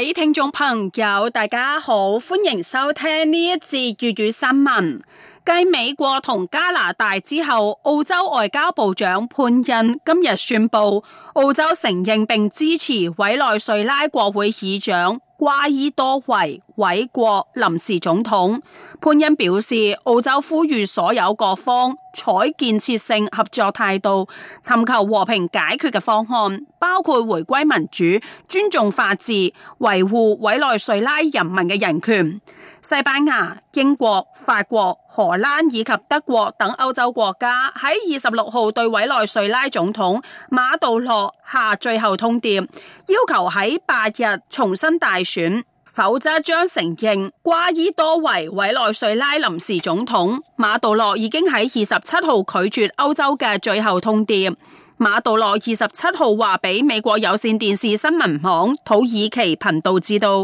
各位聽眾朋友，大家好，歡迎收聽呢一節粵語新聞。繼美國同加拿大之後，澳洲外交部長潘恩今日宣布，澳洲承認並支持委內瑞拉國會議長。瓜伊多為委國臨時總統，潘恩表示，澳洲呼籲所有各方採建設性合作態度，尋求和平解決嘅方案，包括回歸民主、尊重法治、維護委內瑞拉人民嘅人權。西班牙、英國、法國、荷蘭以及德國等歐洲國家喺二十六號對委內瑞拉總統馬杜洛下最後通牒，要求喺八日重新大。否則將承認瓜伊多為委內瑞拉臨時總統。馬杜洛已經喺二十七號拒絕歐洲嘅最後通牒。馬杜洛二十七號話俾美國有線電視新聞網土耳其頻道知道，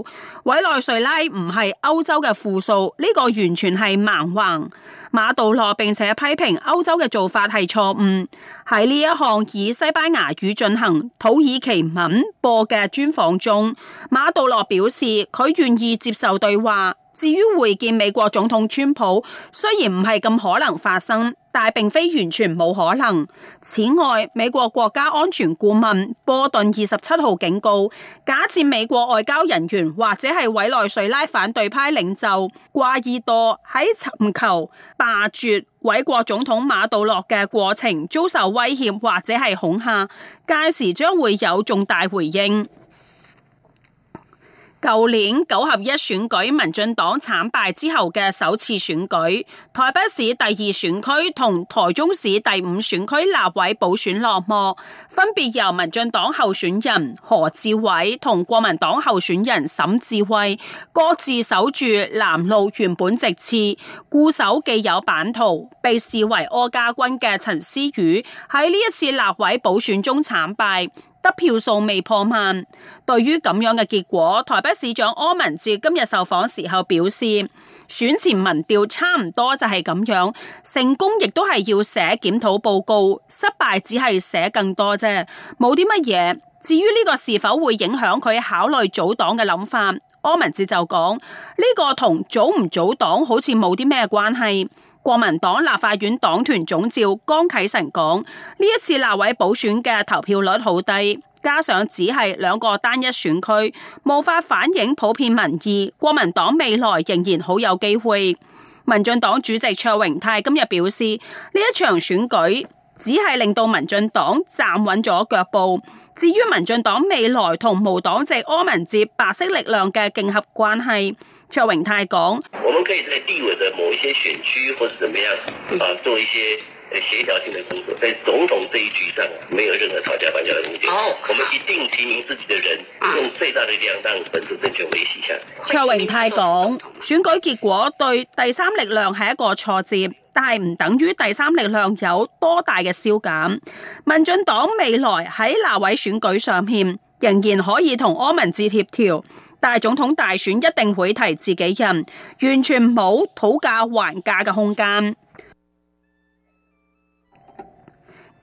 委內瑞拉唔係歐洲嘅負數，呢個完全係蠻橫。馬杜洛並且批評歐洲嘅做法係錯誤。喺呢一項以西班牙語進行土耳其文播嘅專訪中，馬杜洛表示佢願意接受對話。至於會見美國總統川普，雖然唔係咁可能發生，但係並非完全冇可能。此外，美國國家安全顧問波頓二十七號警告，假設美國外交人員或者係委內瑞拉反對派領袖瓜伊多喺尋求罷黜委國總統馬杜洛嘅過程遭受威脅或者係恐吓，屆時將會有重大回應。舊年九合一選舉民進黨慘敗之後嘅首次選舉，台北市第二選區同台中市第五選區立委補選落幕，分別由民進黨候選人何志偉同國民黨候選人沈智慧各自守住藍綠原本席次，固守既有版圖。被視為柯家軍嘅陳思宇喺呢一次立委補選中慘敗。得票數未破萬，對於咁樣嘅結果，台北市長柯文哲今日受訪時候表示，選前民調差唔多就係咁樣，成功亦都係要寫檢討報告，失敗只係寫更多啫，冇啲乜嘢。至於呢個是否會影響佢考慮組黨嘅諗法？柯文哲就講呢、這個同組唔組黨好似冇啲咩關係。國民黨立法院黨團總召江啟臣講，呢一次立委補選嘅投票率好低，加上只係兩個單一選區，無法反映普遍民意。國民黨未來仍然好有機會。民進黨主席卓榮泰今日表示，呢一場選舉。只係令到民進黨站穩咗腳步。至於民進黨未來同無黨籍柯文哲白色力量嘅競合關係，卓榮泰講：我們可以在地委的某一選區，或是怎麼樣啊，做一些協調性的工作。在總統這一局上，沒有任何吵架、打架的動機。我們一定提名自己的人，用最大力量讓本次政權維繫下。卓榮泰講：嗯、選舉結果對第三力量係一個挫折。但係唔等於第三力量有多大嘅消減。民進黨未來喺立委選舉上邊，仍然可以同柯文哲協調，但係總統大選一定會提自己人，完全冇討價還價嘅空間。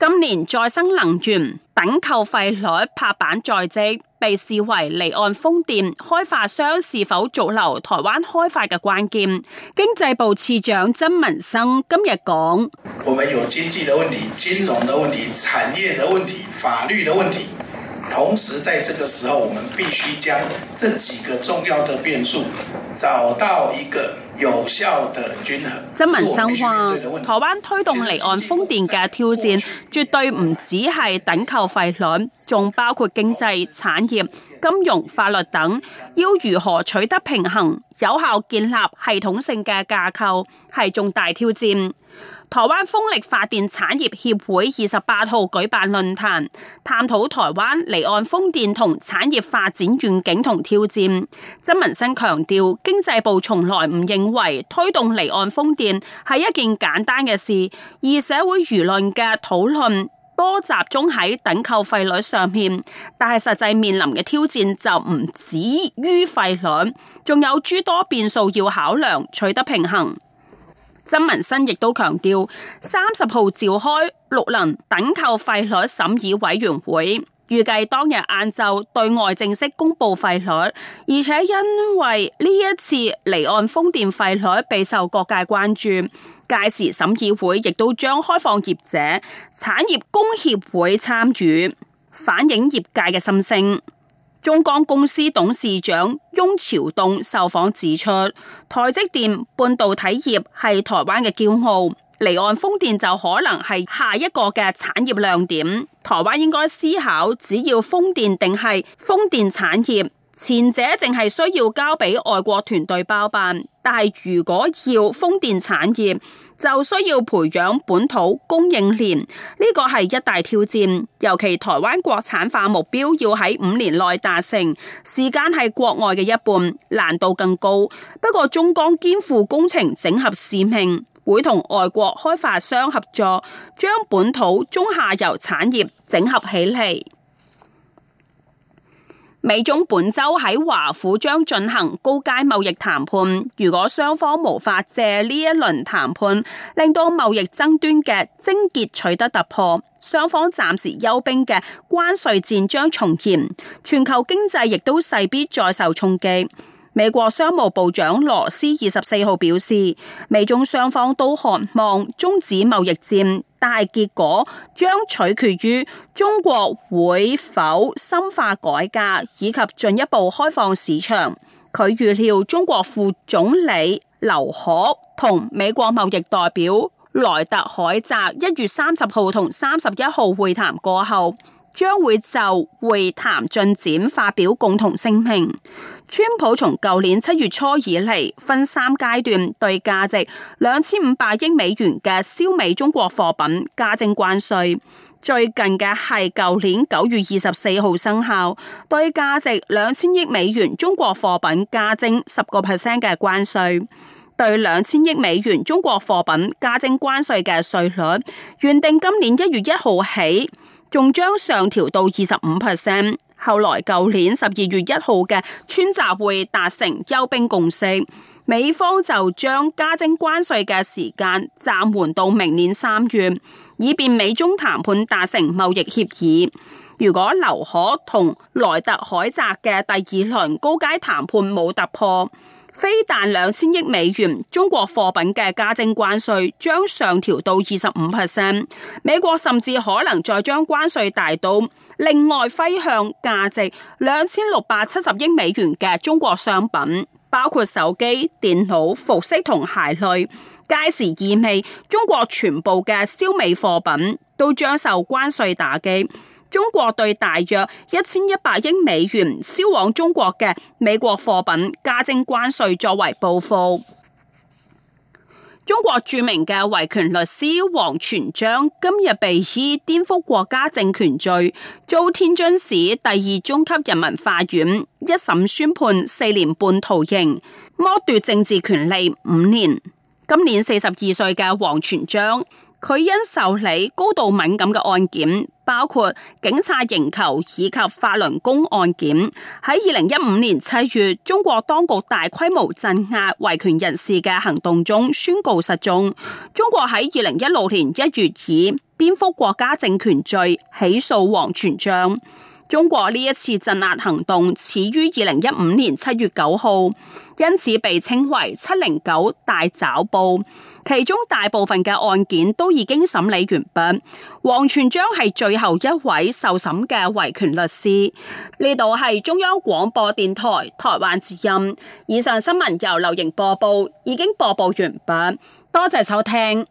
今年再生能源躉購費率拍板在即，被視為離岸風電開發商是否續留台灣開發嘅關鍵。經濟部次長曾文生今日講：我們有經濟的問題、金融的問題、產業的問題、法律的問題，同時在這個時候，我們必須將這幾個重要的變數找到一個。有效嘅均衡曾文生話：台灣推動離岸風電嘅挑戰，絕對唔止係躉購費率，仲包括經濟、產業、金融、法律等，要如何取得平衡、有效建立系統性嘅架構，係重大挑戰。台灣風力發電產業協會二十八號舉辦論壇，探討台灣離岸風電同產業發展願景同挑戰。曾文生強調，經濟部從來唔認為推動離岸風電係一件簡單嘅事，而社會輿論嘅討論多集中喺躉購費率上面，但係實際面臨嘅挑戰就唔止於費率，仲有諸多變數要考量，取得平衡。曾文新亦都強調，三十號召開綠能躉購費率審議委員會，預計當日晏晝對外正式公布費率。而且因為呢一次離岸風電費率備受各界關注，屆時審議會亦都將開放業者、產業工協會參與，反映業界嘅心聲。中鋼公司董事長翁朝棟受訪指出，台積電半導體業係台灣嘅驕傲，離岸風電就可能係下一個嘅產業亮點。台灣應該思考，只要風電定係風電產業。前者淨係需要交俾外國團隊包辦，但係如果要風電產業，就需要培養本土供應鏈，呢、這個係一大挑戰。尤其台灣國產化目標要喺五年內達成，時間係國外嘅一半，難度更高。不過中鋼肩負工程整合使命，會同外國開發商合作，將本土中下游產業整合起嚟。美中本周喺華府將進行高階貿易談判，如果雙方無法借呢一輪談判令到貿易爭端嘅症結取得突破，雙方暫時休兵嘅關稅戰將重現，全球經濟亦都勢必再受衝擊。美國商務部長羅斯二十四號表示，美中雙方都渴望終止貿易戰。但結果將取決於中國會否深化改革，以及進一步開放市場。佢預料中國副總理劉鶴同美國貿易代表。萊特海澤一月三十號同三十一號會談過後，將會就會談進展發表共同聲明。川普從舊年七月初以嚟，分三階段對價值兩千五百億美元嘅輸美中國貨品加徵關稅。最近嘅係舊年九月二十四號生效，對價值兩千億美元中國貨品加徵十個 percent 嘅關稅。對兩千億美元中國貨品加徵關稅嘅稅率，原定今年一月一號起，仲將上調到二十五 percent。後來舊年十二月一號嘅川習會達成休兵共識，美方就將加徵關稅嘅時間暫緩到明年三月，以便美中談判達成貿易協議。如果劉可同萊特海澤嘅第二輪高階談判冇突破，非但兩千億美元中國貨品嘅加徵關稅將上調到二十五%，美國甚至可能再將關稅大刀另外揮向價值兩千六百七十億美元嘅中國商品。包括手機、電腦、服飾同鞋類，屆時意味中國全部嘅消美貨品都將受關稅打擊。中國對大約一千一百億美元銷往中國嘅美國貨品加徵關稅，作為報復。中國著名嘅維權律師王全璋今日被以顛覆國家政權罪遭天津市第二中級人民法院一審宣判四年半徒刑，剝奪政治權利五年。今年四十二歲嘅王全璋。佢因受理高度敏感嘅案件，包括警察刑求以及法輪功案件，喺二零一五年七月，中國當局大規模鎮壓維權人士嘅行動中宣告失蹤。中國喺二零一六年一月以顛覆國家政權罪起訴王全璋。中國呢一次鎮壓行動始於二零一五年七月九號，因此被稱為七零九大抓捕。其中大部分嘅案件都已經審理完畢。王全璋係最後一位受審嘅維權律師。呢度係中央廣播電台台灣之音。以上新聞由流瑩播報，已經播報完畢。多謝收聽。